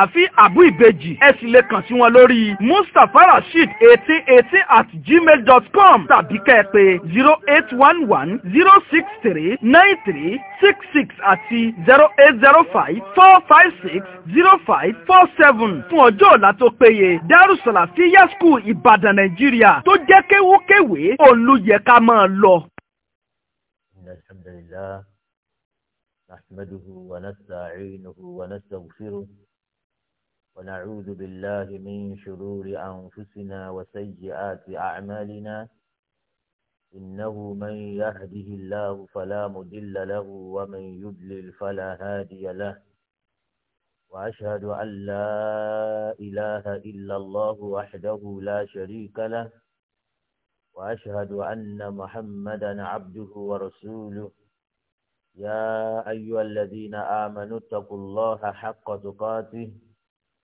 sàràfí àbú ìbejì ẹ sì lè kàn sí wọn lórí mustapha rasheed eighteen eighteen at gmail dot com tàbí kẹ́ẹ̀pè zero eight one one zero six three nine three six six àti zero eight zero five four five six zero five four seven fún ọjọ́ ọ̀la tó péye darussalafiya school ibadan nàìjíríà tó jẹ́ kéwúkéwé olùyẹ̀ká máa lọ. الحمد لله نحمده ونستعينه ونستغفره ونعوذ بالله من شرور أنفسنا وسيئات أعمالنا إنه من يهده الله فلا مدل له ومن يدلل فلا هادي له وأشهد أن لا إله إلا الله وحده لا شريك له وأشهد أن محمدا عبده ورسوله يا أيها الذين آمنوا اتقوا الله حق تقاته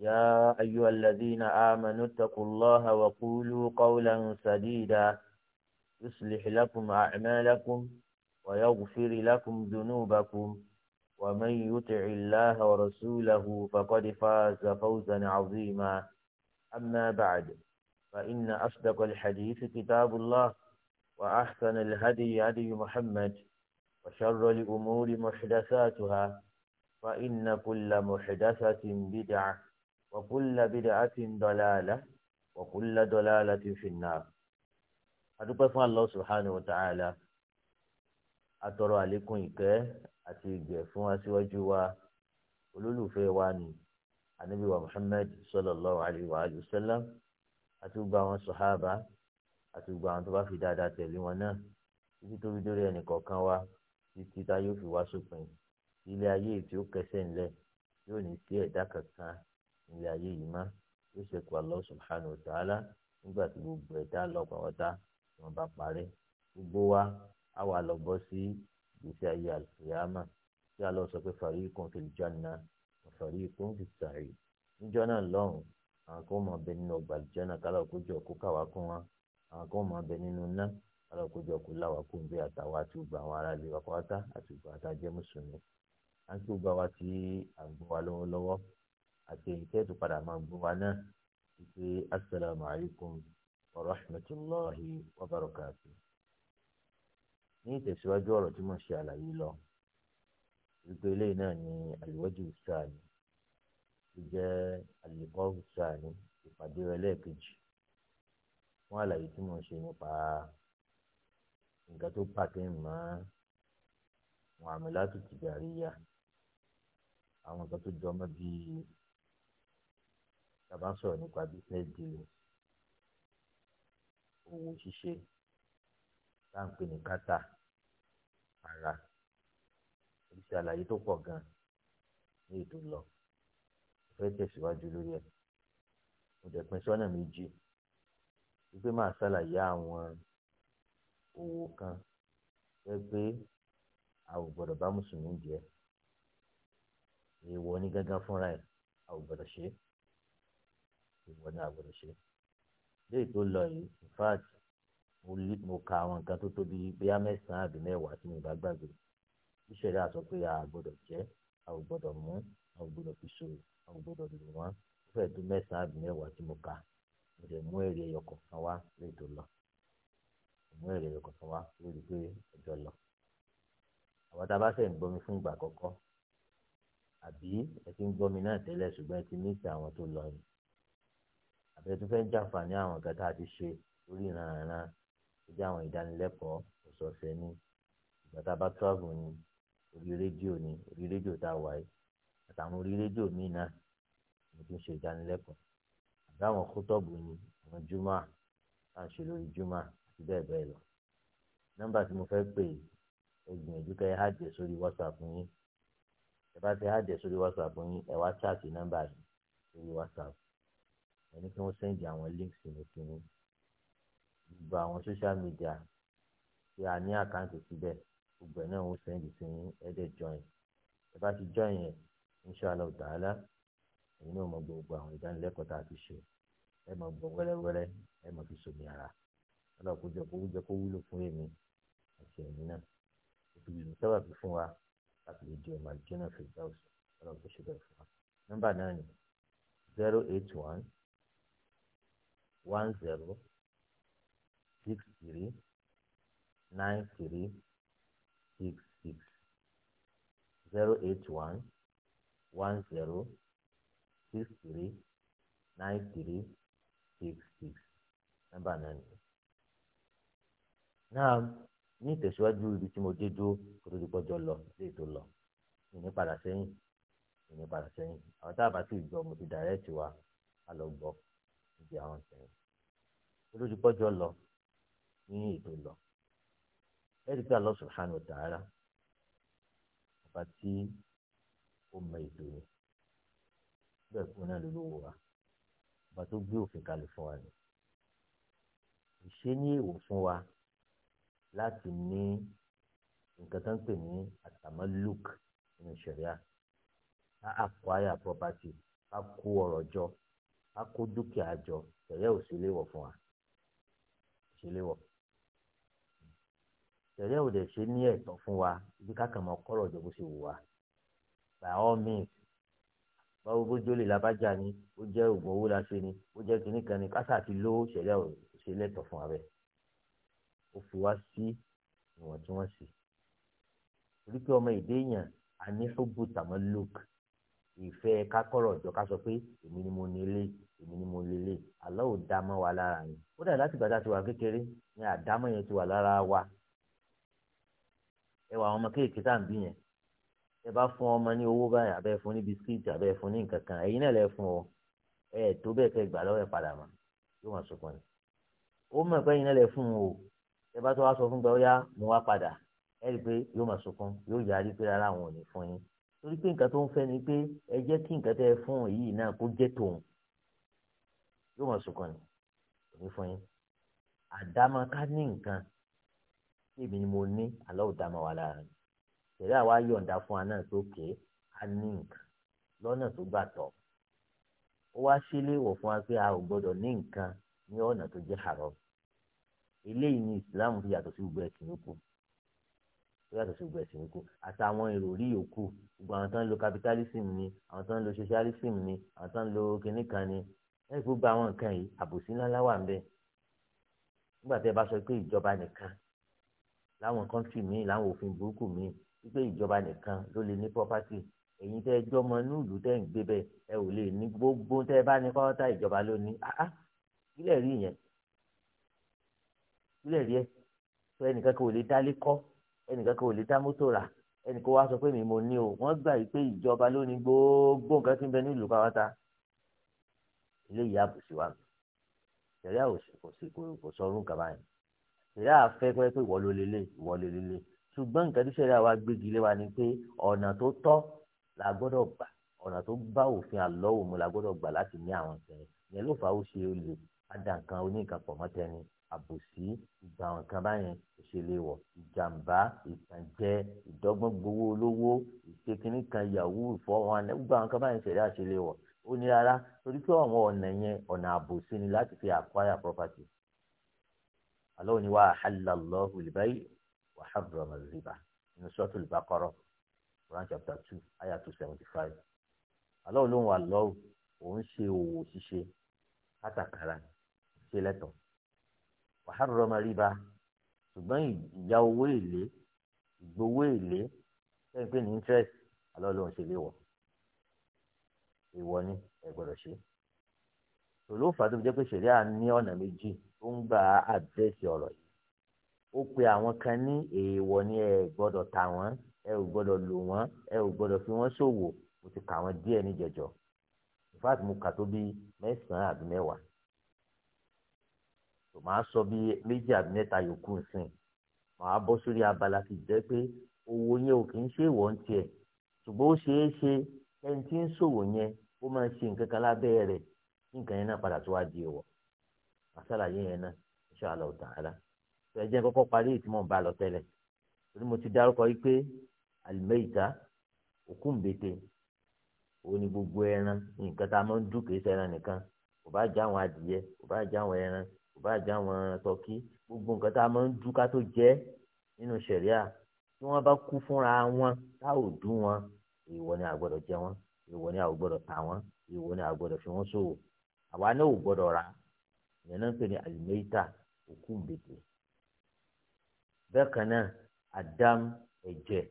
يا أيها الذين آمنوا اتقوا الله وقولوا قولا سديدا يصلح لكم أعمالكم ويغفر لكم ذنوبكم ومن يطع الله ورسوله فقد فاز فوزا عظيما أما بعد فإن أصدق الحديث كتاب الله وأحسن الهدي هدي محمد وشر الأمور محدثاتها فإن كل محدثة بدعة وكل بدعة ضلالة وكل ضلالة في النار adúpẹ́ fún Allah subhanahu wa ta'ala atọrọ àlékún ìkẹ́ àti ìgẹ̀ fún aṣíwájú wa olólùfẹ́ wa ni anabi wa Muhammad sallallahu alayhi wa alayhi wa sallam àti gbogbo àwọn sọ̀hábà àti gbogbo àwọn tó bá fi dáadáa tẹ̀lé wọn náà títí tó fi dórí ẹnì kọ̀ọ̀kan wa títí tá yóò fi wá sópin ilé ayé tí ó kẹsẹ̀ ńlẹ̀ yóò ní sí ẹ̀dá kankan ilé ayé yìí má yóò ṣekú Allah subhanahu wa ta'ala nígbà tí gbogbo ẹ̀dá lọ́pàá wọn bá parẹ́ gbogbo wa á wà lọ bọ́ sí ìgbésí ayé àlùfíàmà tí a lọ sọ pé fariqun fil janna wa fariqun fis sa'ir níjọ́ náà lọ́hùn àwọn kan máa bẹ nínú ọgbà àlùjànnà kálọ̀ kójọ kó káwá kún wa àwọn kan máa bẹ nínú ná kálọ̀ kójọ kó láwá kún bí àtàwọn àti gbogbo àwọn ará ilé wa pátá àti gbogbo àtàjẹ́ mùsùlùmí àti gbogbo àwa tí à wa lọ́wọ́lọ́wọ́ àti èyí tẹ́ẹ̀tù padà máa gbọ́ wa náà wípé asalaamu alaykum wa rahmatulahi wa barakatu. ní ìtẹ̀síwájú ọ̀rọ̀ tí mo ṣe àlàyé lọ wípé eléyìí náà ni àlùwájú sáàni tó jẹ́ àlùkọ́rù sáàni ìpàdé ẹlẹ́ẹ̀kejì fún àlàyé tí mo ṣe nípa nǹkan tó pàtẹ́ mọ́ muamalatu tijariya àwọn nǹkan tó jọmọ́ bíi tàbá ń sọ̀rọ̀ nípa business dealings owó ṣíṣe tá à ń pè ní kátà ara oríṣi àlàyé tó pọ̀ gan-an ní ètò lọ fẹ́ tẹ̀síwájú lórí ẹ̀ mo dẹ̀ pín sọ́nà méjì wípé máa ṣàlàyé àwọn owó kan fẹ́ pé a gbọ́dọ̀ bá mùsùlùmí jẹ́ èèwọ̀ ní gángan fúnra ẹ̀ a gbọ́dọ̀ ṣe é ìwọ ni àgbọ̀dọ̀ ṣe léyìí tó lọ yìí in fact mo ka àwọn nǹkan tó tóbi bíyá mẹ́sàn-án àbí mẹ́wàá tí mo bá gbàgbé ìṣẹ̀lẹ̀ àsọ pé a gbọ́dọ̀ jẹ́ a ò gbọ́dọ̀ mú a ò gbọ́dọ̀ fi ṣòro a ò gbọ́dọ̀ lò wọ́n ó fẹ́ẹ̀ tó mẹ́sàn-án àbí mẹ́wàá tí mo ka mo lè mú èrè ẹyọ kọ̀ọ̀kan wá léyìí tó lọ mú èrè ẹyọ kọ̀ọ̀kan wá lórí pé ọjọ́ lọ àwọn tá a bá fẹ́ ń gbọ́mi fún ìgbà àkọ́kọ́ àbí ẹ ti ń gbọ́mi náà tẹ́lẹ̀ ṣùgbọ́n ẹ ti ní ìsìn àwọn tó lọ yìí àbẹ̀tú fẹ́ jàǹfààní àwọn nǹkan tá a ti ṣe lórí ìrànràn tó jẹ́ àwọn ìdánilẹ́kọ̀ọ́ ọ̀sọ̀ọ̀sẹ̀ ní ìgbà tá a bá travel ní orí rédíò ní orí rédíò tá a wà yìí àtàwọn orí rédíò míì náà mo ti ń ṣe ìdánilẹ́kọ̀ọ́ àtàwọn kótọ́ọ̀bù ní àwọn júmọ́ tá à ń ṣe lórí júmọ́ àti bẹ́ẹ̀ bẹ́ẹ̀ lọ. nọ́mbà tí mo fẹ́ pè é gbìyànjú kẹ́ ẹ hàjẹ́ sórí whatsapp yín ẹ bá ti hàjẹ́ sórí whatsapp yín ẹ wá ṣáàtì nọ́mbà yìí sórí whatsapp ẹni pé wọ́n sẹ́ndì àwọn links mi sí mi gbogbo àwọn social media tí a ní àkáǹtì síbẹ̀ gbogbo ẹ̀ náà wọ́n sẹ́ndì sí yín ẹ̀dẹ̀ join ẹ bá ti join yẹn inshallah ta'ala ẹ̀yin náà mọ gbogbo àwọn ìdánilẹ́kọ̀ọ́ tá a ti ṣe ẹ mọ gbọ́ wẹ́rẹ́wẹ́rẹ́ ẹ mọ fi sọmi ara ọlọ́kùnjọ kó wújọ kó wúlò fún èmi àti ẹ̀yin náà ìpìlẹ̀ sábà fi fún wa láti lè di ọmọ àlùjọ náà fi ọlọ́kùnjọ ṣe bẹ́ẹ̀ zero eight one one zero six three nine three six six zero eight one one zero six three nine three six six number nine. ni. náà ní ìtẹ̀síwájú ibi tí mo dé dúró kó tó di pọ́jọ́ lọ lè tó lọ ìní padà sẹ́yìn ìní padà sẹ́yìn àwọn tá a bá ti gbọ́ mo ti dàrẹ́ẹ̀tì wa a lọ gbọ́ níbi àwọn ìtẹ̀ olódìpọ̀jọ lọ ní ètò lọ ẹ̀ríkà Allah subhanahu wa ta'ala ọba tí ó mọ ètò yẹn bẹ́ẹ̀ kú náà ló lówó wa ọba tó gbé òfin kalẹ̀ fún wa ni ìṣe ní èèwọ̀ fún wa láti ní nǹkan tó ń pè ní àtàmọ́lùk nínú ṣẹ̀ríà ká àkwáyà property ká kó ọrọ̀ jọ ká kó dúkìá jọ ṣẹ̀ríà ò sí léèwọ̀ fún wa ṣe léwọ̀ tẹ̀lé ò dẹ̀ ṣe ní ẹ̀tọ́ fún wa bí kákan mọ kọ́rọ̀ ọ̀jọ̀ bó ṣe wù wá by all means báwo bó jólè labájá ni ó jẹ́ ògùn owó la ṣe ni ó jẹ́ kinní kan ni kásà ti lówó ṣẹlẹ̀ ò ṣe lẹ́tọ̀ fún abẹ́ ó fi wá sí ìwọ̀ntúnwọ̀nsì torí pé ọmọ èdè èèyàn a ní ṣubú tàmọ́ lóòkì ìfẹ́ kákọ́rọ̀ ọ̀jọ̀ ká sọ pé èmi ni mo ní eléyìí èmi ni mo lè lè àlọ́ ò dá mọ́ wa lára yẹn ó dà láti gbàdá ti wà kékeré ni àdámọ́ yẹn ti wà lára wa ẹ wà àwọn ọmọ kéèké tá à ń bí yẹn ẹ bá fún ọmọ ní owó báyìí abẹ́ fún ní bisikíìtì abẹ́ fún ní nǹkan kan ẹ̀yin náà lẹ fún ọ ẹ tó bẹ́ẹ̀ kẹ́ gbà lọ́wọ́ ẹ padà mọ́ yóò wọ́n sunkún ni ó mọ̀ pé ẹ̀yin náà lẹ fún o ẹ bá tó wá sọ fún gbà ó yá mo wá padà ẹ rí i pé yóò máa sunkún yóò yarí pé rárá àwọn ò ní fún yín torí pé nǹkan tó ń fẹ́ ni pé ẹ jẹ́ kí nǹkan tẹ́ ẹ fún yìí náà kó jẹ́ tòun yóò mọ̀ sunkàn ní òní fún yín àdámọ́ ká ní nǹkan tí èmi ni mo ní àlọ́ òdámọ́ wa lára ni tẹ̀lé àwa yọ̀ǹda fún wa náà tó ké á ní nǹkan lọ́nà tó gbà tọ́ ó wá sílé ìwọ̀ fún wa pé a ò gbọ́dọ̀ ní nǹkan ní ọ̀nà tó jẹ́ àrọ́ eléyìí ni Islam fi yàtọ̀ sí gbogbo ẹ̀sìn yòókù yàtọ̀ sí gbogbo ẹ̀sìn yòókù àtàwọn ìròrí yòókù gbogbo àwọn tó ń lo capitalism ni àwọn tó ń lo socialism ni àwọn tó ń lo kinní kan ni ẹ gbogbo àwọn nǹkan yìí àbòsí ńláńlá wà ń bẹ nígbà tí ẹ bá sọ pé ìjọba nìkan láwọn kọ́ńtì míì láwọn òfin burúkú míì wípé ìjọba nìkan ló lè ní property èyí tẹ́ ẹ jọmọ inú ìlú tẹ́ ń gbé bẹ́ẹ̀ ẹ ò lè ní gbogbo tẹ́ ẹ bá ní pátá ìjọba ló ní áá ah, ah, kílẹ̀ rí yẹn kílẹ̀ rí ẹ sọ ẹnìkan kò lè dálé kọ́ ẹnìkan kò lè dá mọ́tò rà ẹnìkan wá sọ pé mi mo ní o wọ́n gbà wípé ìjọba ló ní gbogbo nǹkan tí ń bẹ ní ìlú pátá eléyìí àbùsí wa mi ṣẹ̀ríà kò sí kò sọrun kaba yẹn ṣẹ̀ríà fẹ́ pé pé ìwọ ló lélẹ̀ ìwọ ló lélẹ̀ ṣùgbọ́n nǹkan tí ṣẹ̀ríà wa gbégi lé wa ni pé ọ̀nà tó tọ́ la gbọ́dọ̀ gbà ọ̀nà tó bá òfin àlọ́wò mu la gbọ́dọ̀ gbà láti ní àwọn ìṣẹ̀lẹ̀ yẹn ló fà á ó ṣe olè adànkan oníkan pọ̀ mọ́tẹ́ni àbòsí ìgbà àwọn kan báyẹn ìṣẹ̀lẹ̀wọ̀ ìjàmbá ìtànjẹ ìdọ́gbọ́n gbowó olówó ìṣèkínní kan yahoo ìfọwọ́n gbogbo àwọn kan báyẹn ṣẹ̀ríà ṣẹlẹ̀wọ̀ ó ní rárá torí pé àwọn ọ̀nà yẹn ọ̀nà àbòsí ni láti fi acquire property Allah ni wa ahalla Allahu al-bay' wa harrama al-riba nínú Suratul Baqarah Quran chapter two ayah two seventy five Allah ló ń wà lọ́wọ́ òun ṣe òwò ṣíṣe kátàkárà ṣe lẹ́tọ̀ọ́ wa harrama riba ṣùgbọ́n ìyá owó èlé ìgbowó èlé ṣẹ́yìn pé ní interest Allah ló ń ṣe léwọ̀ọ́ ìwọ ni ẹ gbọ́dọ̀ ṣe ló fà tó fi jẹ́ pé ṣẹ̀ríà ní ọ̀nà méjì tó ń gba àdírẹ́sì ọ̀rọ̀ yìí ó pe àwọn kan ní èèwọ̀ ni ẹ gbọ́dọ̀ tà wọ́n ẹ ò gbọ́dọ̀ lò wọ́n ẹ ò gbọ́dọ̀ fi wọ́n ṣòwò mo ti kà wọ́n díẹ̀ ní jẹjọ in fact mo kà tó bí mẹ́sàn-án àbí mẹ́wàá tó máa sọ bí méjì àbí mẹ́ta yòókù nsìn màá bọ́ sórí abala ti jẹ́ pé owó yẹn ò kì í ṣe ìwọ̀n tiẹ̀ ṣùgbọ́n ó ṣeé ṣe ẹni tí ń ṣòwò yẹn ó máa ń ṣe nǹkan kan lábẹ́ rẹ̀ nǹkan yẹn náà padà tó wá di ìwọ̀ àṣàlàyé yẹn náà insha Allah ta'ala tó ẹ jẹ́ kọ́kọ́ parí ìtìmọ̀ bá lọ tẹ́lẹ̀ torí mo ti dárúkọ yìí pé àlùmẹ́yìíta òkú ńbete òun ni gbogbo ẹran nǹkan tá a máa ń dùn kìí ṣẹran nìkan kò bá já àwọn adìyẹ kò bá já àwọn ẹran kò bá já àwọn tọkí gbogbo nǹkan tá a máa ń dùn ká tó jẹ nínú ṣẹ̀ríà tí wọ́n bá kú fúnra wọn tá ò dùn wọn èèwọ̀ ni àgbọ̀dọ̀ jẹ wọn ìwọ ni àwọn gbọ́dọ̀ tà wọ́n ìwọ ni àwọn fi wọ́n ṣòwò àwa náà ò gbọ́dọ̀ ra ìyẹn náà ń pè ní àlùmẹ́yìtà òkú gbèdè bẹ́ẹ̀ kan náà àdám ẹ̀jẹ̀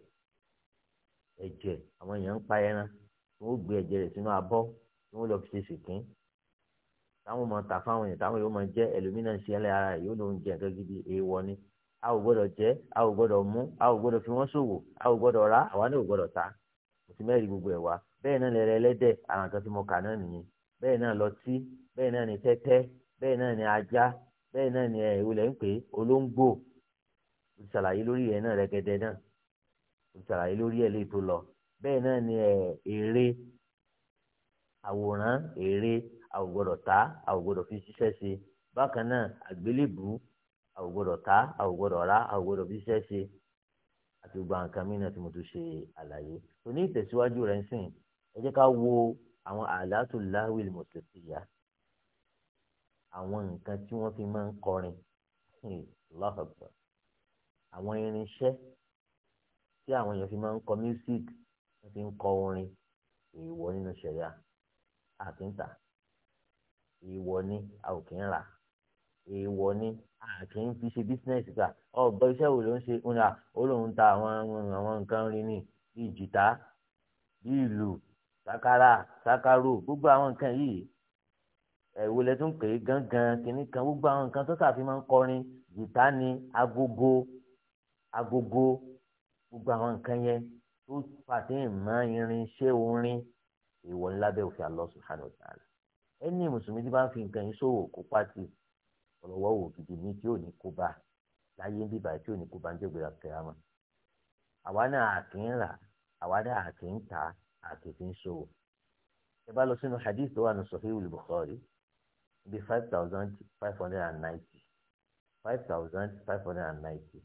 ẹ̀jẹ̀ àwọn èèyàn ń pa ẹran wọn ó gbé ẹ̀jẹ̀ rẹ̀ sínú abọ́ tí wọ́n lọ fi ṣe sèkín táwọn ọmọ ta fáwọn èèyàn táwọn yóò máa jẹ ẹlòmínà ń ṣẹlẹ̀ ara rẹ̀ yóò lóun jẹ nǹkan gidi èèwọ̀ ni a ò gbọ́dọ̀ jẹ a ò gbọ́dọ̀ mú a ò gbọ́dọ̀ fi wọ́n ṣòwò a ò gbọ́dọ̀ rà àwa náà ò gbọ́dọ̀ ta òsì mẹ́rin gbogbo ẹ̀ wá bẹ́ẹ̀ náà lẹrẹ ẹlẹ́dẹ̀ àwọn kan tí mo kà náà nìyẹn bẹ́ẹ̀ náà lọtí bẹ́ẹ̀ náà ni tẹ́tẹ́ bẹ́ẹ̀ náà ni ajá bẹ́ẹ̀ náà ni eh, ẹ̀wù lẹ́ ń pè é olóńgbò ìṣàlàyé lórí ẹ̀ náà rẹ́gẹ́dẹ́ náà ìṣàlàyé lórí ẹ̀ léètò lọ bẹ́ẹ̀ náà ni èrè eh, àwòrán èrè àwògbọ́dọ̀ tá àwògbọ́dọ̀ fi ṣiṣẹ́ ṣe bákan náà àgbélébù àwògbọ́dọ̀ tá àwògbọ́dọ̀ rà àwògbọ́dọ̀ fi ṣiṣẹ́ ṣe àti gbogbo àǹkà mí náà tí ẹ jẹ́ ká wo àwọn àlàtù láwìlì mọ̀sẹ̀síyà àwọn nǹkan tí wọ́n fi máa ń kọrin hmm, lọ́hàgbà àwọn irinṣẹ́ tí àwọn èèyàn fi máa ń kọ music wọ́n fi ń kọ orin èèwọ̀ nínú ṣẹ̀yà àkíńtà èèwọ̀ ni a ò kí ń rà èèwọ̀ ni a kì í fi ṣe bísínẹ́sì gbà ọ̀gbọ́n iṣẹ́ wo ló ń ṣe ó lóun ta àwọn àwọn nǹkan rí ni bíi jìtá bíi ìlù sakara sakaru gbogbo àwọn nǹkan yìí ẹ̀wò lẹ tún pè é gangan kìíní kan gbogbo àwọn nǹkan tó sàfihàn kọrin jìtá ni agogo agogo gbogbo àwọn nǹkan yẹn tó pàṣẹ ìmọ̀ irinṣẹ́ orin ìwọ ńlá bẹ́ẹ̀ òfin Allah subhanahu wa ta'ala ẹni mùsùlùmí tí bá ń fi nǹkan yín ṣòwò kó pàtì ọlọ́wọ́ wò gidi ní tí ò ní kó bá láyé ń bíbá tí ò ní kó bá ń jẹ́ gbéra kẹrama àwa náà àkín rà àwa náà àkín àti òfin ṣòwò ẹ bá lọ sínú hadith tó wà ní Sahihul Bukhari bíi five thousand five hundred and ninety five thousand five hundred and ninety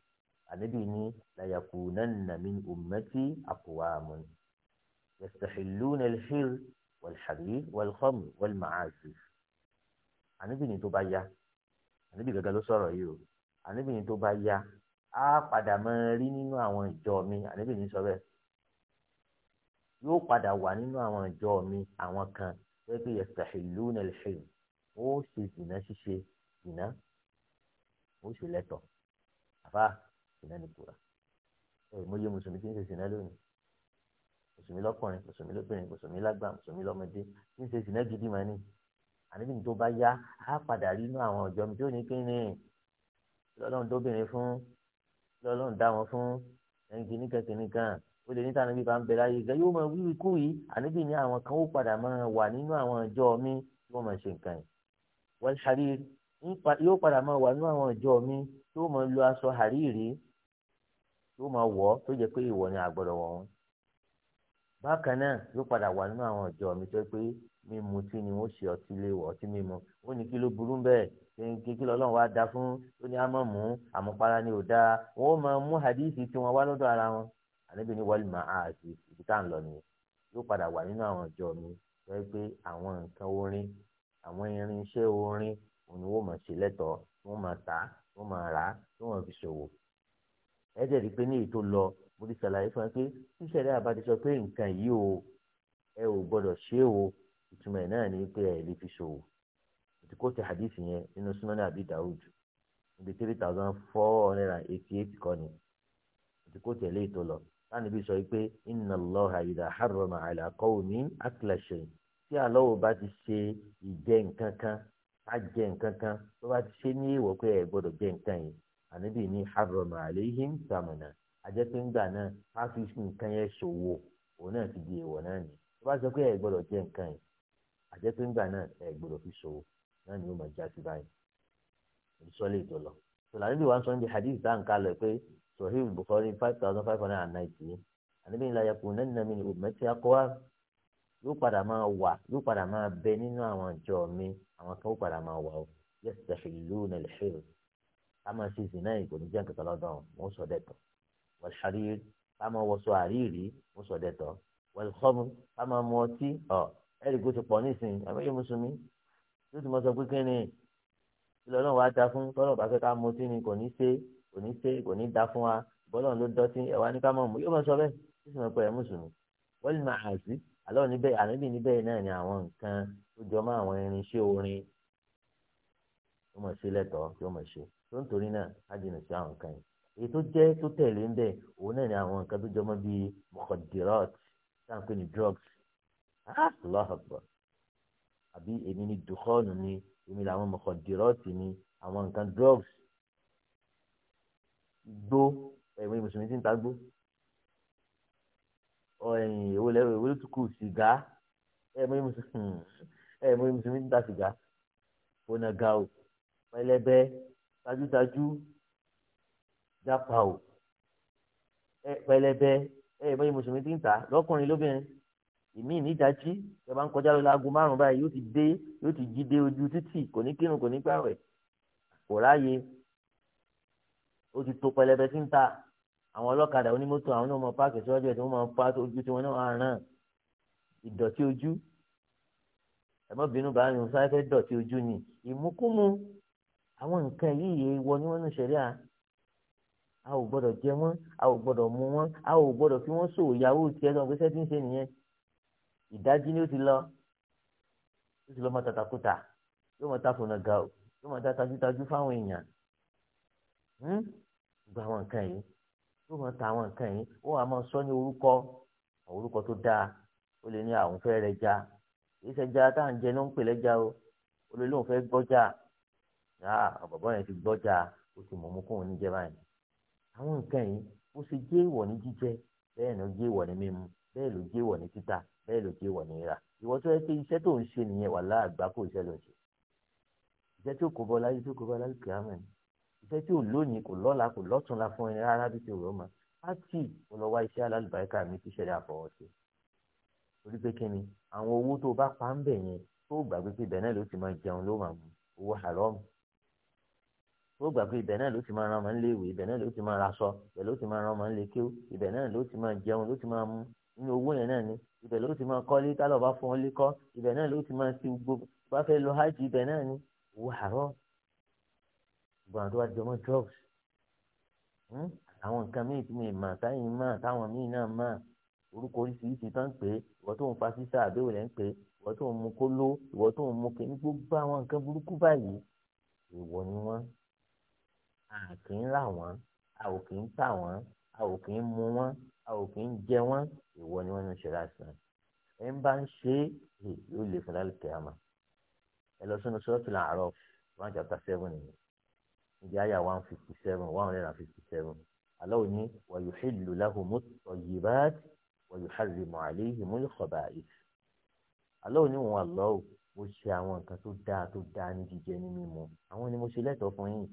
ànábì ní layakunanna min ummati aqwamun yastahilluna al-hir wal-harir wal-khamr wal-ma'asif ànábì tó bá yá ànábì gẹ́gẹ́ ló sọ̀rọ̀ yìí o ànábì ní tó bá yá á padà máa rí nínú àwọn ìjọ mi ànábì ní sọ bẹ́ẹ̀ yóò padà wà nínú àwọn ìjọ mi àwọn kan pé pé yastahilluna al-hilm ó ṣe zìnà ṣíṣe zìnà ó ṣe lẹ́tọ̀ àfa zìnà ní kura ẹ mo yé mùsùlùmí tí ń ṣe zìnà lónìí mùsùlùmí lọ́kùnrin mùsùlùmí lóbìnrin mùsùlùmí lágbà mùsùlùmí lọ́mọdé tí ń ṣe zìnà gidi mà ní àníbi tó bá yá á padà rí inú àwọn ìjọ mi tí ó ní kí ni lọ́lọ́run dóbìnrin fún lọ́lọ́run dá wọn fún ẹnìkìníkan kìnìkan ó lè ní tànà bí bá ń bẹ̀rẹ̀ ayé gan yóò máa wíwí kú yìí ànábì ní àwọn kan ó padà máa wà nínú àwọn ìjọ mi tí wọ́n máa ṣe nǹkan yìí wọ́n harir yóò padà máa wà nínú àwọn ìjọ mi tí wọ́n máa lo aṣọ hariri tí wọ́n máa wọ̀ tó jẹ́ pé ìwọ ni àgbọ̀dọ̀ wọ̀ wọ́n bákan náà yóò padà wà nínú àwọn ìjọ mi tó pé mímu tí ni wọ́n ṣe ọtí lé wọ̀ ọtí mímu ó ní kí ló burú bẹ́ẹ̀ kí kí lọ́lọ́run wá da fún ó ní á mú àmupara ni ò dáa wọ́n máa mú hadithi tí wọ́n wá lọ́dọ̀ ara wọn ànábì ní wọ́ọ̀lì máa àti ibi tá à ń lọ nìyẹn yóò padà wà nínú àwọn ìjọ mi wọ́n pé àwọn nǹkan orin àwọn irinṣẹ́ orin òun wọ́n máa ṣe lẹ́tọ̀ọ́ wọ́n máa tà wọ́n máa rà tí wọ́n fi ṣòwò ẹ̀jẹ̀ rí pé ní èyí tó lọ mo ti ṣàlàyé fún ẹ pé ṣíṣẹ̀lẹ̀ àbájá sọ pé nǹkan yìí o ẹ ò gbọ́dọ̀ ṣe é o ìtumọ̀ ẹ̀ náà ni pé ẹ̀ lè fi ṣòwò ètò kò tẹ hadith yẹn nínú súnmọ́nà àbí dàrúdù níbi three thousand four hundred and eighty eight kọ́ni ètò kò tẹ̀lé ètò lọ láti bí sọ pé inna lọ idha harrama ala qawmin akla shay tí àlọ́wọ́ bá ti ṣe ìjẹ nǹkan kan á jẹ nǹkan kan tó ti ṣe ní ìwọ̀ pé ẹ̀ gbọ́dọ̀ jẹ nǹkan yìí ni tó bá sọ pé ẹ̀ gbọ́dọ̀ jẹ nǹkan yìí náà fi ṣòwò náà ni ó máa já sí báyìí ìsọ̀lẹ̀ ìtọ̀lọ̀ tòlàníbi wa ń sọ níbi sahih bukhari five thousand five hundred and ninety ànábì ńlá yakun nẹ́nìnà mi ni ummati aqwam yóò padà máa wà yóò padà máa bẹ nínú àwọn ìjọ mi àwọn kan ó padà máa wà ó yastahilluna al-hirz ká máa ṣe zina yìí kò ní jẹ́ nǹkan lọ́dọ̀ wọn sọ dẹ́tọ̀ wal-harir ká máa wọṣọ àríyìrí wọn sọ dẹ́tọ̀ ni ìlọ́lọ́wọ́ á kò ní ṣe kò ní da fún wa bọ́lọ̀ ló dọ́tí ẹ̀wá ní ká mọ̀ mú yóò bá sọ bẹ́ẹ̀ tí sọ pé ẹ̀ mùsùlùmí wọ́n lè máa hàn sí àlọ́ níbẹ̀ ànábì níbẹ̀ náà ni àwọn nǹkan tó jọ mọ́ àwọn irinṣẹ́ orin tó mọ̀ sí lẹ́tọ̀ọ́ tí ó mọ̀ ṣe tó ń torí náà á jìnà sí àwọn nǹkan yìí èyí tó jẹ́ tó tẹ̀lé ń bẹ̀ òun náà ni àwọn nǹkan tó jọ mọ́ bíi mọ̀kàndínlọ́t táǹpé ni drugs lọ́hàpọ̀ àbí èmi ni dùkọ́ọ̀nù ni èmi làwọn mọ̀kàndínlọ́t ni àwọn nǹkan drugs gbó ẹ̀wọ̀n mùsùlùmí ti ń ta gbó ẹ̀yìn èwo lẹ́wọ̀ èwo ló tún kù sìgá ẹ̀wọ̀n mùsùlùmí ti ń ta sìgá onaga o pẹlẹbẹ tajútajú japa o ẹ pẹlẹbẹ ẹ ẹ bẹyẹ mùsùlùmí ti ń tà lọkùnrin lóbìnrin ìmí ìníjàjí ẹ bá ń kọjá lọ láago márùn báyìí yóò ti dé yóò ti jí dé ojú títì kò ní kírun kò ní gbàwẹ̀ kò ráàyè ó ti tó pẹlẹbẹ sí ń ta àwọn ọlọ́kadà onímọ́tò àwọn náà mọ páàkì síwájú ẹ̀ tí wọ́n máa ń pa ojú tí wọ́n náà ràn ìdọ̀tí ojú ẹ̀mọ́ bínú bá yun sáré fẹ́ dọ̀tí ojú ni ìmúkúmu àwọn nǹkan yìí wọ ní wọn ní sẹ̀ríà a ò gbọ́dọ̀ jẹ wọ́n a ò gbọ́dọ̀ mu wọ́n a ò gbọ́dọ̀ fi wọ́n sòwò ìyàwó tiẹ̀ náà pé sẹ́tí ń ṣe nìyẹn ìdájí ni ó ti lọ ó ti lọ mọ tàtàkùtà yóò mọ ta fònà gà ó yóò mọ ta fáwọn èèyàn hmm? gba àwọn nǹkan yìí yóò máa ta àwọn nǹkan yìí ó wàá máa sọ ní orúkọ orúkọ tó dáa ó lè ní àwọn fẹ́ rẹ já èyí ṣe já tá à ń jẹ ló ń pè lẹ́jà o ó lè lóun fẹ́ gbọ́jà yàrá àbọ̀bọ̀ yẹn ti gbọ́jà ó ti mọ̀mú kóun níjẹ báyìí àwọn nǹkan yìí ó ṣe jẹ́ ìwọ̀ ní jíjẹ bẹ́ẹ̀ ló jẹ́ ìwọ̀ ní mímu bẹ́ẹ̀ ló jẹ́ ìwọ̀ ní títà bẹ́ẹ̀ ló jẹ́ ìwọ̀ ní rírà ìwọ tó yẹ pé iṣẹ́ tó ń ṣe nìyẹn wà láàgbá kó iṣẹ́ lọ ṣe iṣẹ́ tó kó bọ́ láyé tó kó bọ́ láyé kìámẹ́ iṣẹ́ tí ò lónìí kò lọ́la kò lọ́túnla fún ẹni rárá bí ti rọ̀ mọ́ á tì ó lọ wá iṣẹ́ alálùbáríkà mi ti ṣẹlẹ̀ àfọwọ́sí torí pé kí ni àwọn owó tó bá pa ń bẹ̀ yẹn tó gbàgbé pé ibẹ̀ náà ló ti máa jẹun ló máa mú owó haramu tó gbàgbé ibẹ̀ náà ló ti máa ran ọmọ nílé ìwé ibẹ̀ náà ló ti máa raṣọ ibẹ̀ ló ti máa ran ọmọ nílé kéw ibẹ̀ náà ló ti máa jẹun ló ti máa mú nínú owó yẹn náà ni ibẹ̀ ló ti máa kọ́lé tálọ̀ bá fún ọ lé kọ́ ibẹ̀ náà ló ti máa ti gbogbo bá fẹ́ lọ hajj ibẹ̀ náà ni owó haramu gbọ́n àti wá jọmọ́ drugs hmm, àwọn nǹkan míì tí mi mà sáyìn mà táwọn míì náà mà orúkọ oríṣiríṣi tán ń pè é ìwọ tó ń fa sísá àbẹ̀wò rẹ̀ ń pè é ìwọ tó ń mu kóló ìwọ tó ń mu kíní gbogbo àwọn nǹkan burúkú báyìí ìwọ ni wọ́n a kì í rà wọ́n a ò kì í tà wọ́n a ò kì í mu wọ́n a ò kì í jẹ wọ́n ìwọ ni wọ́n ń ṣe láìsàn ẹ ń bá ń ṣe é yóò lè fún lálùkẹ́ àmà ẹ lọ sínú sọ́ọ̀tù làárọ̀ one chapter seven nìyẹn níbi àyà one fifty seven one hundred and fifty seven aláwo ní wa yuhillu lahumut tayyibat wa yuharrimu alayhimul khaba'ith aláwo ní wọn mm-hmm. àlọ́wọ́ mo ṣe àwọn nǹkan tó dáa tó dáa ní jíjẹ ní mímu àwọn ni mo ṣe lẹ́tọ̀ọ́ fún yín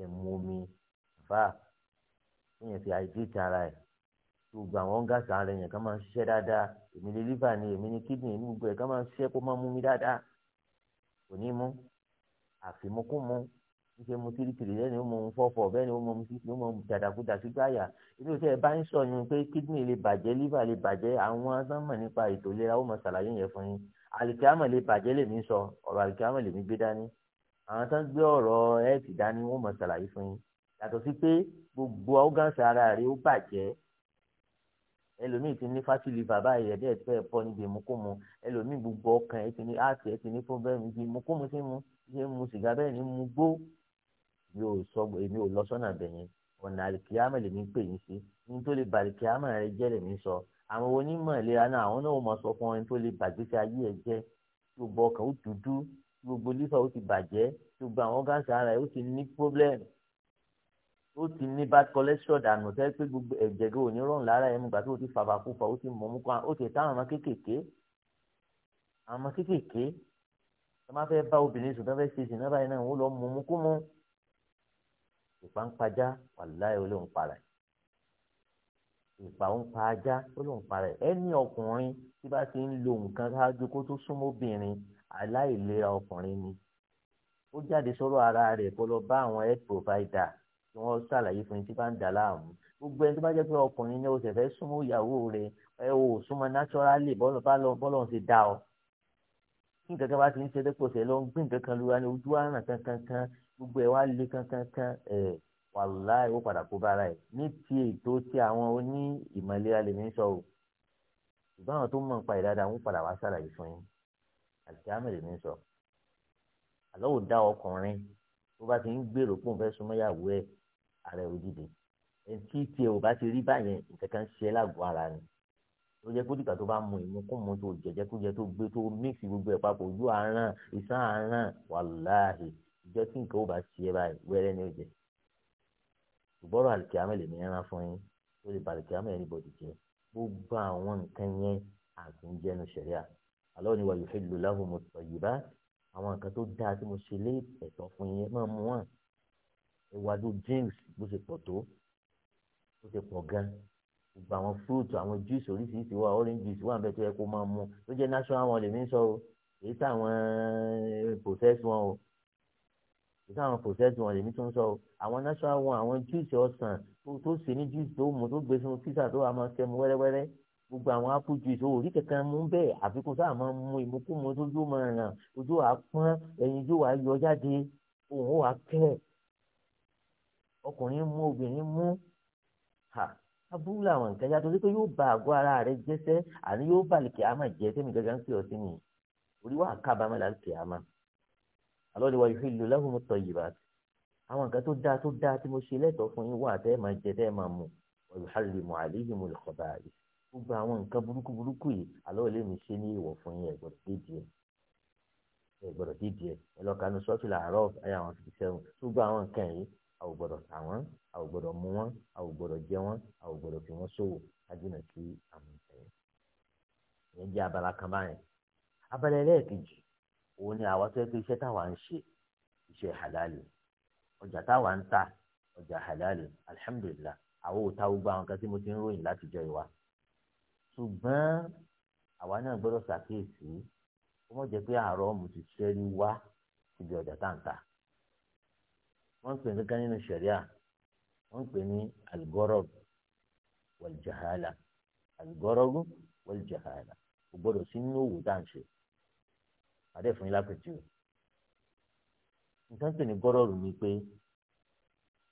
ẹ̀ mú omi fà yẹn fi àìdíìtì ara ẹ̀ gbogbo àwọn gáàsì ara yẹn kan máa ń ṣiṣẹ́ dáadáa èmi ní liver ni èmi ní kidney ní gbogbo ẹ̀ kan máa ń ṣiṣẹ́ kó máa mú mi dáadáa kò ní mú àfimú mú ṣe mu tìrìtìrì lẹ́nu ó mu fọ́fọ́ bẹ́ẹ̀ ni ó mu sísì ó mu dàdàkúdà sígbà yà inú tẹ́ ẹ bá ń sọ yín pé kídìnì lè bàjẹ́ liver lè bàjẹ́ àwọn sánmọ̀ nípa ètò ìlera ó mọ̀ ṣàlàyé yẹn fún yín àlìkàmọ̀ lè bàjẹ́ lèmi sọ ọ̀rọ̀ àlìkàmọ̀ lèmi gbé dání àwọn tó ń gbé ọ̀rọ̀ ẹ̀ẹ́tì dání ó mọ̀ ṣàlàyé fún yín yàtọ̀ sí pé gbogbo organs ara rẹ̀ ó bàjẹ́ ẹlòmíì ti ní fatty liver báyìí ẹ̀dẹ́ ẹ̀ fẹ́ pọ̀ níbi ìmúkúmu ẹlòmíì gbogbo ọkàn ẹ̀ ti ní heart ẹ̀ ti ní problem ibi ìmúkúmu ti mu ṣe ń mu sìgá bẹ́ẹ̀ ni mu gbó yóò sọ èmi ò lọ sọ́nà bẹ̀yẹn ọ̀nà àlìkíyàmà lèmi pè yín sí ní tó lè bàlìkíyàmà rẹ jẹ́ lèmi sọ àwọn onímọ̀ ìlera náà àwọn náà mọ̀ sọ fún ẹni tó lè bàgbéṣe ayé ẹ jẹ́ tó bọ ọkàn ó dúdú gbogbo lífà ó ti bàjẹ́ gbogbo àwọn gáàsì ara ẹ ó ti ní problem ó ti ní bad cholesterol dànù tẹ́ pé gbogbo ẹ̀jẹ̀ gò ní rọrùn lára ẹ̀ nígbà tó ti fàfà kúfà ó ti mọ̀ mú kan ó ti táwọn ọmọ kéékèèké àwọn ọmọ kéékèèké tó máa fẹ́ bá obìnrin sùn tó fẹ́ ṣe sìn náà báyìí náà wọ́n lọ mú mú kú mú ìpàǹpajá wàláyé olóhùn para ẹ̀ ìpà ń pa olóhùn para ẹ̀ ẹni ọkùnrin tí bá ti ń lo nǹkan ṣáájú kó tó súnmọ́ obìnrin aláìlera ọkùnrin ni ó jáde sọ̀rọ̀ ara rẹ̀ kó lọ bá àwọn health provider tí wọ́n ṣàlàyé fún un tí bá ń dà láàmú gbogbo ẹni tó bá jẹ́ pé ọkùnrin ni o ṣẹ̀fẹ̀ súnmọ́ ìyàwó rẹ̀ ẹ o súnmọ́ naturally bọ́lọ̀ bá lọ bọ́lọ̀ ń dá ọ kí nǹkan kan bá ti ń ṣe dépò ṣe lọ ń gbé nǹkan kan lura ní ojú àrùn kankan kan gbogbo ẹ̀ wá le kankankan ẹ̀ wàláì ó padà kó bára ẹ̀ ní ti ètò tí àwọn oní ìmọ̀lera lè ní sọ o ṣùgbọ́n àwọn tó mọ̀ nípa ìdáda ń padà wá ṣàlàyé fún yín àlùkìyámà lè ní sọ àlọ́ ò dá ọkùnrin tó bá ti ń gbèrò pò ń fẹ́ súnmọ́yàwó ẹ̀ ààrẹ òdìdè ẹtí tiẹ̀ ò bá ti rí báyẹn ìkankan ṣe lágọ̀ọ́ ara ni ó jẹ́ kó tó bá mu ìmú kó mu tó jẹ̀jẹ̀ kó jẹ tó gbé tó mix ìjọ tí nǹkan ò bá ṣe é báyìí wẹ́rẹ́ ni ó jẹ ìgbọ́rọ̀ àlìkíámẹ́ lèmi ẹran fún yín ó lè ba àlìkíámẹ́ ẹni bọ̀dì jẹ gbogbo àwọn nǹkan yẹn àtúnjẹnu ṣẹ̀ríà alọ́ ni wàyí fẹ́ẹ́ lò láhùn mo sọ yìí bá àwọn nǹkan tó dáa tí mo ṣe lé ẹ̀tọ́ fún yín máa mú wọn ìwádú james bó ṣe pọ̀ tó bó ṣe pọ̀ gan gbogbo àwọn fúrúùtù àwọn juice oríṣiríṣi wà orange juice wà bẹ́ẹ̀ tó yẹ kó máa mú tó jẹ́ national wọn lèmi ń sọ èyí táwọn eh, process wọn o ìtàn àwọn process wọn lèmi tó ń sọ àwọn natural one àwọn juice ọsàn tó ṣe ní juice tó mu tó gbé sínú pizza tó wà máa kẹmu wẹ́rẹ́wẹ́rẹ́ gbogbo àwọn apple juice o rí kankan mú bẹ́ẹ̀ àfikún sáà máa mú ìmúkúmu tójú máa ràn ojú wa pọ́n ẹyin ojú wa yọ jáde òun wa kẹ́ ọkùnrin mú obìnrin mú ha aburú làwọn nǹkan yàtọ̀ sí pé yóò ba àgọ́ ara rẹ jẹ́sẹ́ àní yóò bàlùkì àmà jẹ́ sẹ́mi gẹ́gẹ́ ń pè ọ́ sí mi orí wa kábàámọ̀ làlùkì àmà alọ́ọ̀dẹ wa yìí lò láhùn mọ́tò yìí bá àwọn nǹkan tó dáa tó dáa tí mo ṣe lẹ́tọ̀ọ́ fún yín wà tẹ́ ẹ̀ máa jẹ tẹ́ ẹ̀ máa mu ọ̀yọ̀ hàlẹ́ mọ̀ àléhìn mo lè kọ̀ báyìí gbogbo àwọn nǹkan burúkú burúkú yìí alọ́ọ̀lẹ́ mi ṣe ní ìwọ̀ fún yín ẹ gbọ́dọ̀ dédìí ẹ̀ ẹ gbọ́dọ̀ dídì ẹ ẹ àwọn fìdí sẹwọn gbogbo àwọn nǹkan yìí a tà wọn a mú wọn a jẹ wọn a fi wọn ṣòwò ajínà sí àwọn ìṣẹ̀lẹ̀ ìyẹn jẹ abala kan báyẹn abala ẹlẹ́ẹ̀kejì òun ni àwa tó yẹ pé iṣẹ́ táwa ń ṣe iṣẹ́ halali ọjà táwa ń ta ọjà halali alhamdulilah àwọn ò ta gbogbo àwọn kan tí mo ti ń ròyìn látijọ́ ìwà ṣùgbọ́n àwa náà gbọ́dọ̀ ṣàkíyèsí ó mọ̀ jẹ́ pé àárọ̀ mo ti ṣẹ́rí wá ibi ọjà tá à ń ta wọ́n ń pè ní kanínú ṣẹ̀ríà wọ́n ń pè ní algorob wàlìjàhálà algorob wàlìjàhálà kò gbọ́dọ̀ sí nínú òwò tá à ń ṣe àdé fún yín lápẹjù nǹkan pè ní gọrọrù ni pé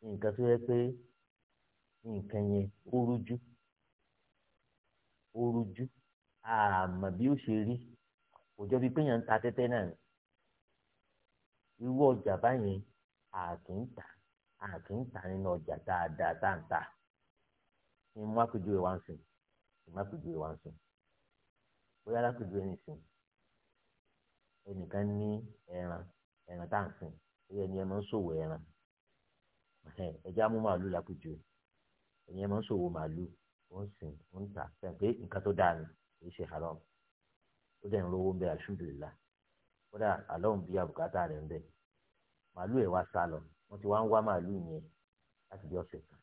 nǹkan tó yẹ pé nǹkan yẹn ó rújú ó rújú àmọ́ bí ó ṣe rí kò bíi pé yẹn ń ta tẹ́tẹ́ náà ni irú ọjà báyẹn àtúntà àtúntà nínú ọjà dáadáa táǹtà ní mú àpèjúwe wá ń sìn ní mú àpèjúwe wá ń sìn bóyá lápèjúwe nìsín ẹnìkan ní ẹran ẹran tá à ń sìn ẹyẹ ni ẹ máa ń ṣòwò ẹran ẹjẹ amú màálù lápújù ẹyẹ máa ń ṣòwò màálù ó ń sìn ó ń tà fẹ́ pé nǹkan tó dáa ni kì í ṣe haram ó dẹ̀ ń rówó ń bẹ alhamdulillah kódà àlọ́hùn bí abùkátà rẹ̀ ń bẹ màálù ẹ̀ wá sá lọ wọ́n ti wá ń wá màálù yẹn láti bí ọ̀sẹ̀ kan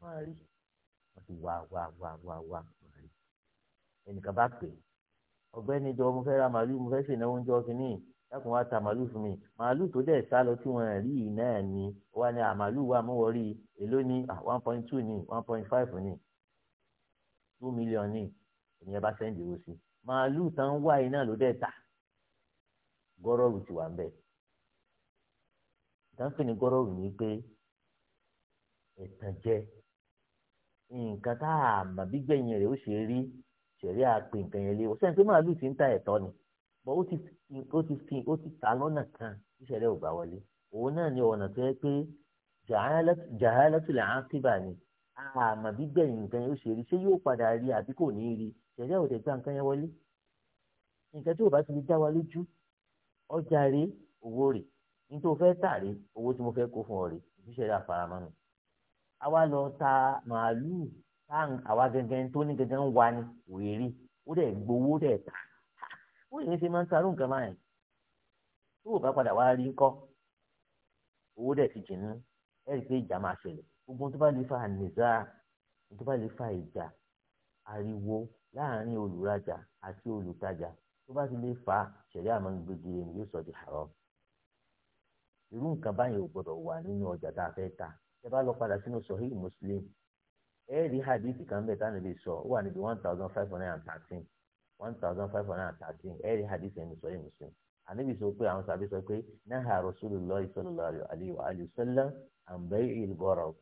wọ́n á rí wọ́n ti wá wá wá wá wá wọ́n ẹnìkan bá pè é ọ̀gbẹ́ni jọ mo fẹ́ ra màálù mo fẹ́ ṣènáwó oúnjẹ ọ̀kìnní dákun wá ta màálù fún mi màálù tó dẹ̀ sá lọ tí wọ́n rí i náà ni wà ní àmàlù wà mú wọrí èló ní one point two ní one point five ní two million ní ìyẹn bá sẹ́ńdì owó sí màálù tán wá iná ló dẹ̀ ta gọ́rọ́rù ti wà ń bẹ̀ ìdáǹpẹ̀ ní gọ́rọ́rù ni pé ẹ̀tàn jẹ nǹkan tá a mọ̀ bí gbẹ̀yìn rẹ̀ ó ṣe rí ṣẹ̀rí àpè nǹkan yẹn léwọ̀ sẹ́ni pé màálù ti ń ta ẹ̀tọ́ ni bọ́ ó ti ó ti fi ó ti ta lọ́nà kan tí ò gbà wọlé ni ọ̀nà tó yẹ pé jàhálẹ́tìlẹ̀ àákíbà ni àmọ́ gbígbẹ̀yìn nǹkan yẹn ó ṣe rí ṣé yóò padà rí àbí kò ní rí ṣẹ̀rẹ́ ò tẹ̀ nǹkan yẹn wọlé nǹkan tí ò bá ti lè dá wa lójú ọjà owó o fẹ́ tà rèé owó mo fẹ́ kó fún ọ táwọn àwa gẹ́gẹ́ tó ní gẹ́gẹ́ ń wa ni wèrè ó dẹ̀ gbowó dẹ̀ tà ó yẹn fi máa ń tarú nǹkan báyìí tó o bá padà wá rí ńkọ́ owó dẹ̀ ti jìnnú ẹ rí i pé ìjà máa ṣẹlẹ̀ gbogbo tó bá lè fa ànìzá tó bá lè fa ìjà ariwo láàrin olùrajà àti olùtajà tó bá ti lè fa ṣẹlẹ̀ àmọ́ gbẹgìrì ni yóò sọ di àárọ̀ irú nǹkan báyìí ò gbọdọ wà nínú ọjà tá a fẹ́ ta ẹ bá lọ padà sínú sọhí Muslim ẹ rí hadithi kan bẹ́ẹ̀ táwọn ibi sọ ó wà níbi one thousand five hundred and thirteen one thousand five hundred and thirteen ẹ rí hadithi ẹni sọ yìí Muslim àníbi sọ pé àwọn sàbí sọ pé náà Rasulullah sallallahu alaihi wa alihi wasallam an bai'il gharab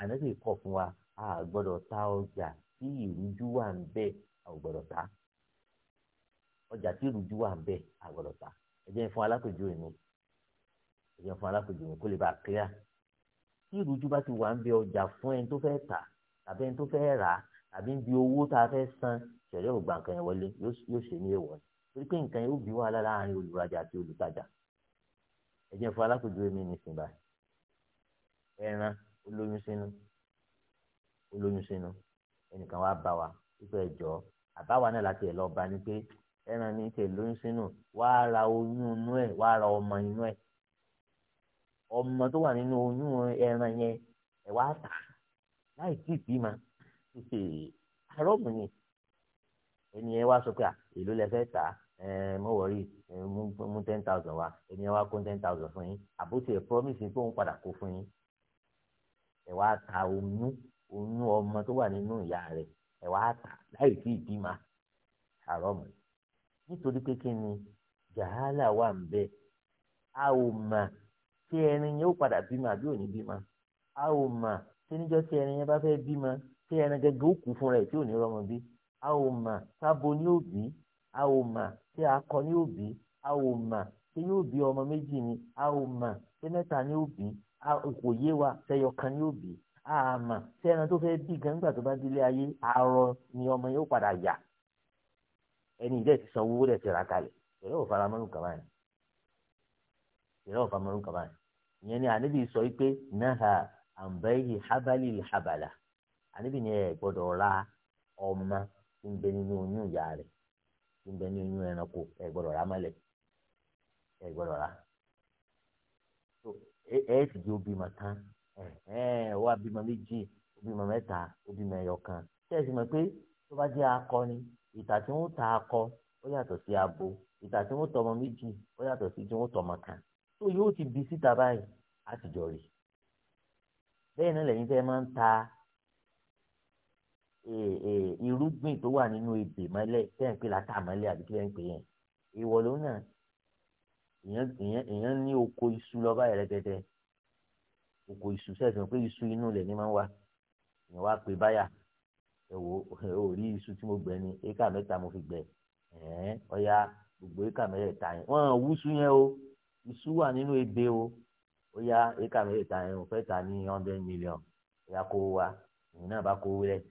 ànábì kọ̀ fún wa a gbọ́dọ̀ ta ọjà tí ìrújú wà ń bẹ a ta ọjà tí ìrújú wà ń bẹ a gbọ́dọ̀ ta ẹ fún alákòjú mi ẹ jẹ́ fún alákòjú mi kó lè bá a kíá tí ìrújú bá ti wà ń bẹ ọjà fún ẹni tó fẹ́ tà àbí ẹni tó fẹ́ rà á àbí ń bi owó tá a fẹ́ san ṣẹ̀rẹ́ ò gba nǹkan yẹn wọlé yóò ṣe ní èèwọ̀ torí pé nǹkan yóò bí wàhálà láàrin olùrajà àti olùtajà ẹ jẹ́ fún alákòjú mi nìsín báyìí ẹran olóyún sínú olóyún sínú ẹnìkan wá bá wa wípé ẹjọ́ àbáwa náà láti ẹ̀ lọ bá ni pé ẹran ní tẹ̀ lóyún sínú wá ra oyún inú ẹ̀ wá ra ọmọ inú ẹ̀ ọmọ tó wà nínú oyún ẹran yẹn ẹ̀ wá tà á láì tí ì bímọ àrọ́mù ni ẹni ẹ wá sọ pé èló lẹ fẹ́ tà ẹ mọ wọrí mú ten thousand wá ẹni ẹ wá kó ten thousand fún yín àbótí ẹ promise pé òun padà kó fún yín ẹ wá ta oyún oyún ọmọ tó wà nínú ìyá rẹ ẹ wá tà láì tí ì bímọ àrọ́mù nítorí pé kí ni jàhálà wà ń bẹ a ò mà tí ẹni yẹn ó padà bímọ àbí òní bímọ a ò mà. tí níjọ́ tí ẹni yẹn bá fẹ́ ma tí ẹni gẹ́gẹ́ ó kú fún rẹ tí ò ní rọmọ bí a ò mà ní òbí a ò mà tí akọ ní òbí a ò mà tí ọmọ méjì ni a ò mà tí mẹta ní òbí a kò yé wa tẹyọ kan ní òbí a mà tí ẹni tó bí gan nígbà tó arọ ni ọmọ yóò padà yà ẹni ti san owó ti ra ò fara ò fara ìyẹn ni sọ pé náà àǹbẹ́yì hábálì hábàlà àníbi ni ẹ gbọ́dọ̀ ra ọmọ tí ń bẹ nínú oyún ìyá rẹ̀ tí ń bẹ nínú oyún ẹranko ẹ gbọ́dọ̀ ra mọ́lẹ̀ ẹ gbọ́dọ̀ ra ẹ ẹ sì di obìmọ̀ kan ẹ ẹ wá bímọ méjì obìmọ̀ mẹ́ta obìmọ̀ ẹyọ kan ṣé sì akọ ni ìtà tí wọ́n ta akọ ó yàtọ̀ sí abo tí wọ́n tọmọ méjì ó yàtọ̀ sí tí wọ́n tọmọ kan tó yóò ti bí síta bẹ́ẹ̀ náà lẹ́yìn tẹ́ máa ń ta irúgbìn tó wà nínú ebè mọ́lẹ̀ tẹ́ ń pè látà mọ́lẹ̀ àbí kí ẹ ń pè yẹn ìwọ ló náà èèyàn ní oko iṣu lọ báyìí rẹ́gẹ́dẹ́ oko iṣu sẹ́sìn pé iṣu inú ilẹ̀ ni máa ń wà èèyàn wá pè báyà ẹ wò ó rí iṣu tí mo gbẹ ni éka mẹ́ta mo fi gbẹ ẹ̀ẹ́n ọ̀ya gbogbo éka mẹ́ta yẹn wọ́n wúṣu yẹn o iṣu wà nínú ebè o ó yá éka mẹ́rin ta ẹ̀ ò fẹ́ ta ní hundred million ìyá kó wa ìyìn náà bá kó rẹ̀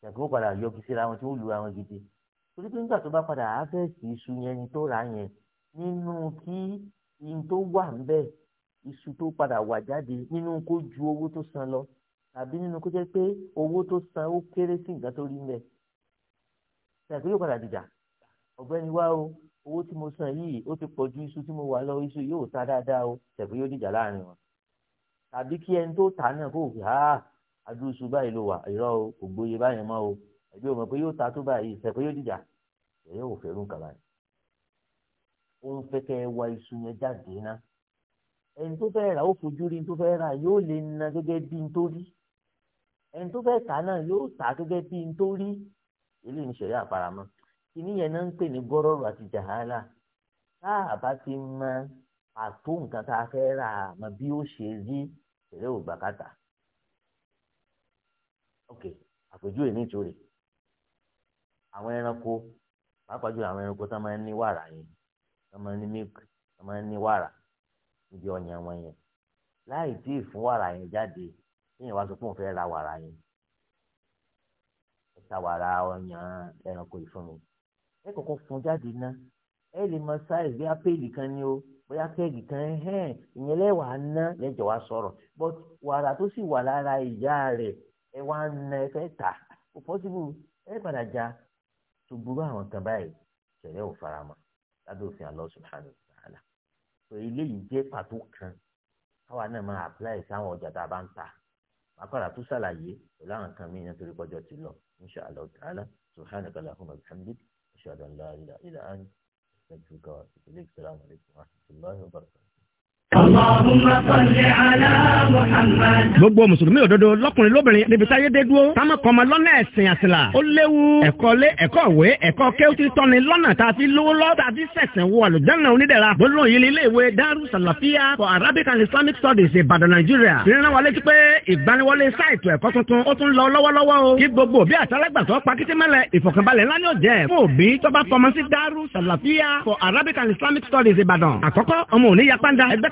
ṣẹ̀kí ó padà yọkí síra wọn tí ó lu àwọn gidi torí pé nígbà tó bá padà á iṣu yẹn ni tó rà yẹn nínú kí ihun tó wà ń bẹ̀ iṣu tó padà wà jáde nínú kó ju owó tó san lọ tàbí nínú kó jẹ́ pé owó tó san ó kéré sí nǹkan tó rí ń bẹ̀ ṣẹ̀kí padà dìjà ọ̀gbẹ́ni wá o owó tí mo san yìí ó ti pọ̀ ju iṣu tí mo wà lọ iṣu yóò ta dáadáa o tẹ̀bí yóò dìjà láàrin wọn tàbí kí ẹni tó tà náà kó fi háà adúrú iṣu báyìí ló wà irọ́ o kò gbóye báyìí mọ́ o ẹbí o mọ̀ pé yóò ta tó báyìí tẹ̀bí yóò dìjà ẹ̀yẹ́ ò fẹ́ràn kàlá yìí ó fẹ́ kẹ́ ẹ wa iṣu yẹn jáde ná ẹni tó fẹ́ rà ó fojú rí tó fẹ́ rà yóò lè na gẹ́gẹ́ bí n ẹni tó fẹ́ tà náà yóò tà gẹ́gẹ́ bí n eléyìí ń ṣẹ̀yà àparamọ́ kìíní yẹn náà ń pè ní gọ́rọ́rù àti jàhálà tá a bá ti mọ àtó nǹkan tá a fẹ́ rà àmọ́ bí ó ṣe rí èrè ò gbàkátà ok àpèjúwe nítorí àwọn ẹranko pàápàá jùlọ àwọn ẹranko tó máa ń ní wàrà yẹn tó máa ń ní milk tó máa ń ní wàrà níbi ọyàn wọn yẹn láì tí ì fún wàrà yẹn jáde yíyan wá sọ pé òun fẹ́ ra wàrà yẹn ẹ ta wàrà ọyàn ẹranko yìí ẹ kọ́kọ́ fún jáde ná ẹ lè mọ size bí apéèlì kan ni o bóyá kẹ́ẹ̀gì kan hẹ́n ìyẹn lẹ́wà á ná lẹ́jọ̀ wá sọ̀rọ̀ but wàrà tó sì wà lára ìyá rẹ̀ ẹ wá ná ẹ fẹ́ tà kò pọ́sibú ẹ padà já ṣùgbọ́n àwọn kan báyìí ṣẹ̀rẹ́ ò fara mọ́ lábẹ́ òfin Allah subhanahu wa ta'ala so eléyìí jẹ́ pàtó kan káwa náà máa apply sáwọn ọjà tá a bá ń tà akọ́ra tó ṣàlàyé pẹ̀lú àwọn kan mí nítorí pọ́jọ́ ti lọ insha Allah ta'ala subhanaka Allahumma wa bihamdik أشهد أن لا إله إلا أنت أستغفرك ونتوب إليك السلام عليكم ورحمة الله وبركاته gbogbo mùsùlùmí òdodo lọkùnrin lóbìnrin níbi táyé dé dúró táwọn kan máa lọ́nà ẹ̀sìn àṣìlá ó léwu ẹ̀kọ́ lé ẹ̀kọ́ ìwé ẹ̀kọ́ kéwùtì tọ́ni lọ́nà tá a fi lówó lọ́ tá a fi sẹ̀sẹ̀ wọ àlùjáná onídẹ̀ra gbólóhùn yìí ní ilé ìwé Daru Salafia for Arabic and Islamic Studies Ìbàdàn Nàìjíríà ìrìnà wa létí pé ìgbaniwọlé sáìtù ẹ̀kọ́ tuntun ó tún lọ lọ́wọ́lọ́wọ́ o kí gbogbo bí àtàlágbàtọ́ pakitimẹ́lẹ̀ ìfọ̀kànbalẹ̀ ńlá ni ó jẹ́ fún òbí tó bá fọmọ sí for Arabic and Islamic Studies Ìbàdàn àkọ́kọ́ ọmọ òní yapanda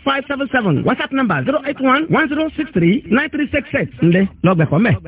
7577 WhatsApp number 081 1063 9366 ńlẹ́ lọ́gbẹ̀kọ́ mẹ́.